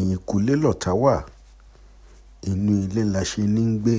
ẹ̀yìnkùlé lọ̀tá wà inú ilé la ṣe ń gbé